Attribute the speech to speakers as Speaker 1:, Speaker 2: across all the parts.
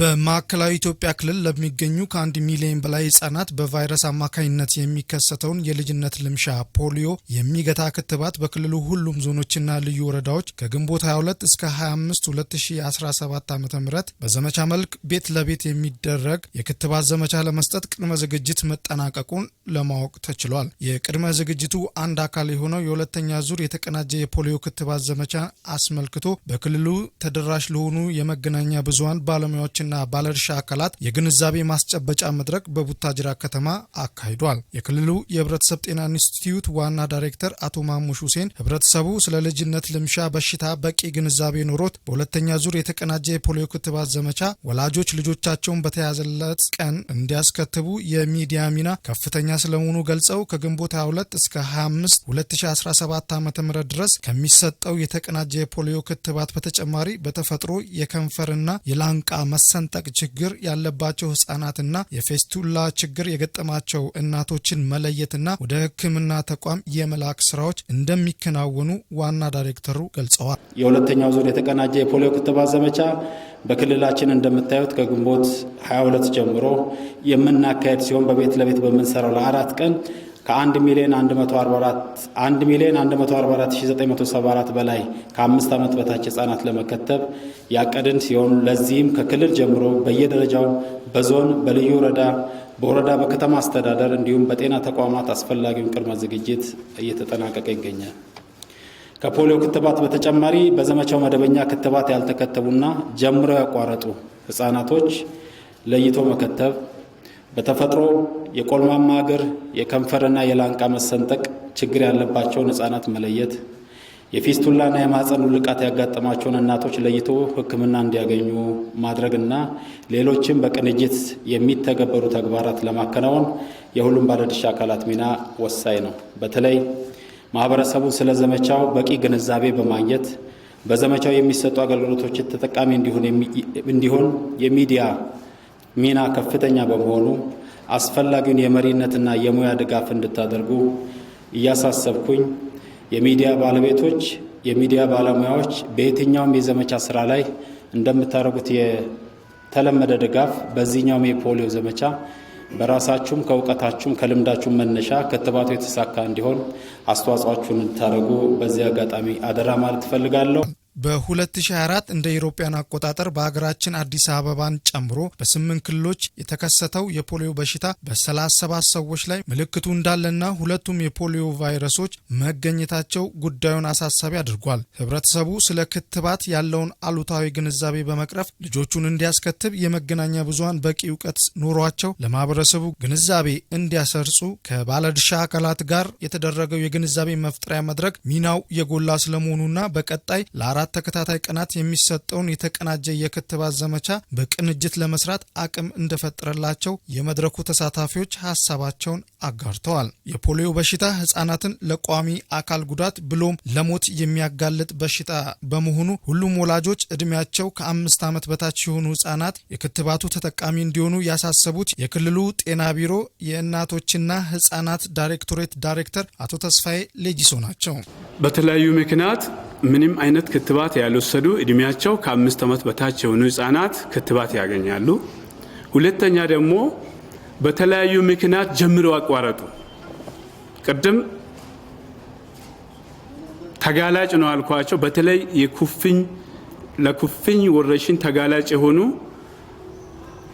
Speaker 1: በማዕከላዊ ኢትዮጵያ ክልል ለሚገኙ ከአንድ ሚሊዮን በላይ ህጻናት በቫይረስ አማካኝነት የሚከሰተውን የልጅነት ልምሻ ፖሊዮ የሚገታ ክትባት በክልሉ ሁሉም ዞኖችና ልዩ ወረዳዎች ከግንቦት 22 እስከ 25 2017 ዓ ም በዘመቻ መልክ ቤት ለቤት የሚደረግ የክትባት ዘመቻ ለመስጠት ቅድመ ዝግጅት መጠናቀቁን ለማወቅ ተችሏል። የቅድመ ዝግጅቱ አንድ አካል የሆነው የሁለተኛ ዙር የተቀናጀ የፖሊዮ ክትባት ዘመቻ አስመልክቶ በክልሉ ተደራሽ ለሆኑ የመገናኛ ብዙሀን ባለሙያዎችን እና ባለድርሻ አካላት የግንዛቤ ማስጨበጫ መድረክ በቡታጅራ ከተማ አካሂዷል። የክልሉ የህብረተሰብ ጤና ኢንስቲትዩት ዋና ዳይሬክተር አቶ ማሙሽ ሁሴን ህብረተሰቡ ስለ ልጅነት ልምሻ በሽታ በቂ ግንዛቤ ኖሮት በሁለተኛ ዙር የተቀናጀ የፖሊዮ ክትባት ዘመቻ ወላጆች ልጆቻቸውን በተያዘለት ቀን እንዲያስከትቡ የሚዲያ ሚና ከፍተኛ ስለመሆኑ ገልጸው ከግንቦት 22 እስከ 25 2017 ዓ ም ድረስ ከሚሰጠው የተቀናጀ የፖሊዮ ክትባት በተጨማሪ በተፈጥሮ የከንፈርና የላንቃ መስ ሰንጠቅ ችግር ያለባቸው ህጻናትና የፌስቱላ ችግር የገጠማቸው እናቶችን መለየትና ወደ ህክምና ተቋም የመላክ ስራዎች እንደሚከናወኑ ዋና ዳይሬክተሩ ገልጸዋል።
Speaker 2: የሁለተኛው ዙር የተቀናጀ የፖሊዮ ክትባት ዘመቻ በክልላችን እንደምታዩት ከግንቦት 22 ጀምሮ የምናካሄድ ሲሆን በቤት ለቤት በምንሰራው ለአራት ቀን ከአንድ ሚሊዮን 1 ሚሊዮን 144974 በላይ ከአምስት ዓመት በታች ህጻናት ለመከተብ ያቀድን ሲሆን ለዚህም ከክልል ጀምሮ በየደረጃው በዞን በልዩ ወረዳ በወረዳ በከተማ አስተዳደር እንዲሁም በጤና ተቋማት አስፈላጊውን ቅድመ ዝግጅት እየተጠናቀቀ ይገኛል። ከፖሊዮ ክትባት በተጨማሪ በዘመቻው መደበኛ ክትባት ያልተከተቡና ጀምረው ያቋረጡ ህጻናቶች ለይቶ መከተብ በተፈጥሮ የቆልማማ እግር የከንፈርና የላንቃ መሰንጠቅ ችግር ያለባቸውን ህጻናት መለየት፣ የፊስቱላና የማህፀን ውልቃት ያጋጠማቸውን እናቶች ለይቶ ሕክምና እንዲያገኙ ማድረግና ሌሎችም በቅንጅት የሚተገበሩ ተግባራት ለማከናወን የሁሉም ባለድርሻ አካላት ሚና ወሳኝ ነው። በተለይ ማህበረሰቡን ስለ ዘመቻው በቂ ግንዛቤ በማግኘት በዘመቻው የሚሰጡ አገልግሎቶች ተጠቃሚ እንዲሆን የሚዲያ ሚና ከፍተኛ በመሆኑ አስፈላጊውን የመሪነትና የሙያ ድጋፍ እንድታደርጉ እያሳሰብኩኝ የሚዲያ ባለቤቶች፣ የሚዲያ ባለሙያዎች በየትኛውም የዘመቻ ስራ ላይ እንደምታደርጉት የተለመደ ድጋፍ በዚህኛውም የፖሊዮ ዘመቻ በራሳችሁም ከእውቀታችሁም ከልምዳችሁም መነሻ ክትባቱ የተሳካ እንዲሆን አስተዋጽኦአችሁን እንድታደርጉ በዚህ አጋጣሚ አደራ ማለት እፈልጋለሁ።
Speaker 1: በ2024 እንደ ኢሮፓያን አቆጣጠር በሀገራችን አዲስ አበባን ጨምሮ በስምንት ክልሎች የተከሰተው የፖሊዮ በሽታ በ37 ሰዎች ላይ ምልክቱ እንዳለና ሁለቱም የፖሊዮ ቫይረሶች መገኘታቸው ጉዳዩን አሳሳቢ አድርጓል። ህብረተሰቡ ስለ ክትባት ያለውን አሉታዊ ግንዛቤ በመቅረፍ ልጆቹን እንዲያስከትብ የመገናኛ ብዙሀን በቂ እውቀት ኖሯቸው ለማህበረሰቡ ግንዛቤ እንዲያሰርጹ ከባለድርሻ አካላት ጋር የተደረገው የግንዛቤ መፍጠሪያ መድረክ ሚናው የጎላ ስለመሆኑና በቀጣይ ለአራት ለአራት ተከታታይ ቀናት የሚሰጠውን የተቀናጀ የክትባት ዘመቻ በቅንጅት ለመስራት አቅም እንደፈጠረላቸው የመድረኩ ተሳታፊዎች ሀሳባቸውን አጋርተዋል። የፖሊዮ በሽታ ህጻናትን ለቋሚ አካል ጉዳት ብሎም ለሞት የሚያጋልጥ በሽታ በመሆኑ ሁሉም ወላጆች እድሜያቸው ከአምስት ዓመት በታች የሆኑ ህጻናት የክትባቱ ተጠቃሚ እንዲሆኑ ያሳሰቡት የክልሉ ጤና ቢሮ የእናቶችና ህጻናት ዳይሬክቶሬት ዳይሬክተር አቶ ተስፋዬ ሌጂሶ ናቸው።
Speaker 3: በተለያዩ ምክንያት ምንም አይነት ክትባት ያልወሰዱ እድሜያቸው ከአምስት ዓመት በታች የሆኑ ህጻናት ክትባት ያገኛሉ። ሁለተኛ ደግሞ በተለያዩ ምክንያት ጀምረው አቋረጡ። ቅድም ተጋላጭ ነው አልኳቸው። በተለይ የኩፍኝ ለኩፍኝ ወረሽኝ ተጋላጭ የሆኑ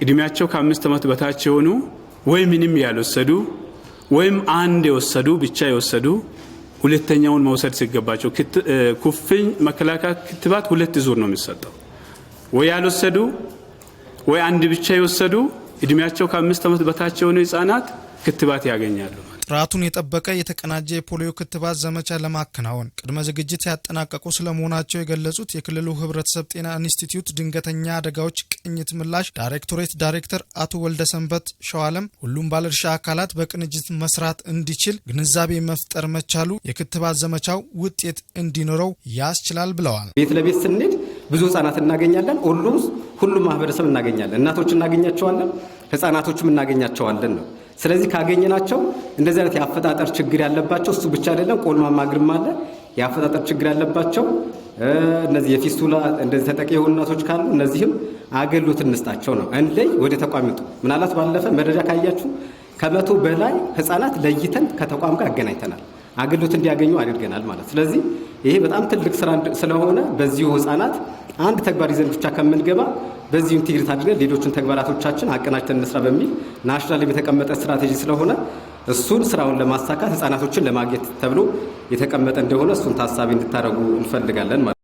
Speaker 3: እድሜያቸው ከአምስት ዓመት በታች የሆኑ ወይ ምንም ያልወሰዱ ወይም አንድ የወሰዱ ብቻ የወሰዱ ሁለተኛውን መውሰድ ሲገባቸው ኩፍኝ መከላከያ ክትባት ሁለት ዙር ነው የሚሰጠው። ወይ ያልወሰዱ ወይ አንድ ብቻ የወሰዱ እድሜያቸው ከአምስት ዓመት በታች የሆኑ ህጻናት ክትባት ያገኛሉ።
Speaker 1: ጥራቱን የጠበቀ የተቀናጀ የፖሊዮ ክትባት ዘመቻ ለማከናወን ቅድመ ዝግጅት ያጠናቀቁ ስለመሆናቸው የገለጹት የክልሉ ህብረተሰብ ጤና ኢንስቲትዩት ድንገተኛ አደጋዎች ቅኝት ምላሽ ዳይሬክቶሬት ዳይሬክተር አቶ ወልደሰንበት ሸዋለም ሁሉም ባለድርሻ አካላት በቅንጅት መስራት እንዲችል ግንዛቤ መፍጠር መቻሉ የክትባት ዘመቻው ውጤት እንዲኖረው ያስችላል ብለዋል።
Speaker 2: ቤት ለቤት ስንሄድ ብዙ ህጻናት እናገኛለን። ሁሉም ሁሉም ማህበረሰብ እናገኛለን። እናቶች እናገኛቸዋለን፣ ህጻናቶችም እናገኛቸዋለን ነው ስለዚህ ካገኘናቸው እንደዚህ አይነት የአፈጣጠር ችግር ያለባቸው እሱ ብቻ አይደለም፣ ቆልማማ እግርም አለ። የአፈጣጠር ችግር ያለባቸው እነዚህ የፊስቱላ እንደዚህ ተጠቂ የሆኑ እናቶች ካሉ እነዚህም አገልግሎት እንስጣቸው ነው። እንለይ፣ ወደ ተቋም ይጡ። ምናልባት ባለፈ መረጃ ካያችሁ ከመቶ በላይ ህጻናት ለይተን ከተቋም ጋር አገናኝተናል፣ አገልግሎት እንዲያገኙ አድርገናል ማለት ስለዚህ ይሄ በጣም ትልቅ ስራ ስለሆነ በዚሁ ህጻናት አንድ ተግባር ይዘን ብቻ ከምንገባ በዚሁ ኢንቴግሬት አድርገን ሌሎችን ተግባራቶቻችን አቀናጅተን እንስራ በሚል ናሽናል የተቀመጠ ስትራቴጂ ስለሆነ እሱን ስራውን ለማሳካት ህጻናቶችን ለማግኘት ተብሎ የተቀመጠ እንደሆነ እሱን ታሳቢ እንድታደረጉ እንፈልጋለን ማለት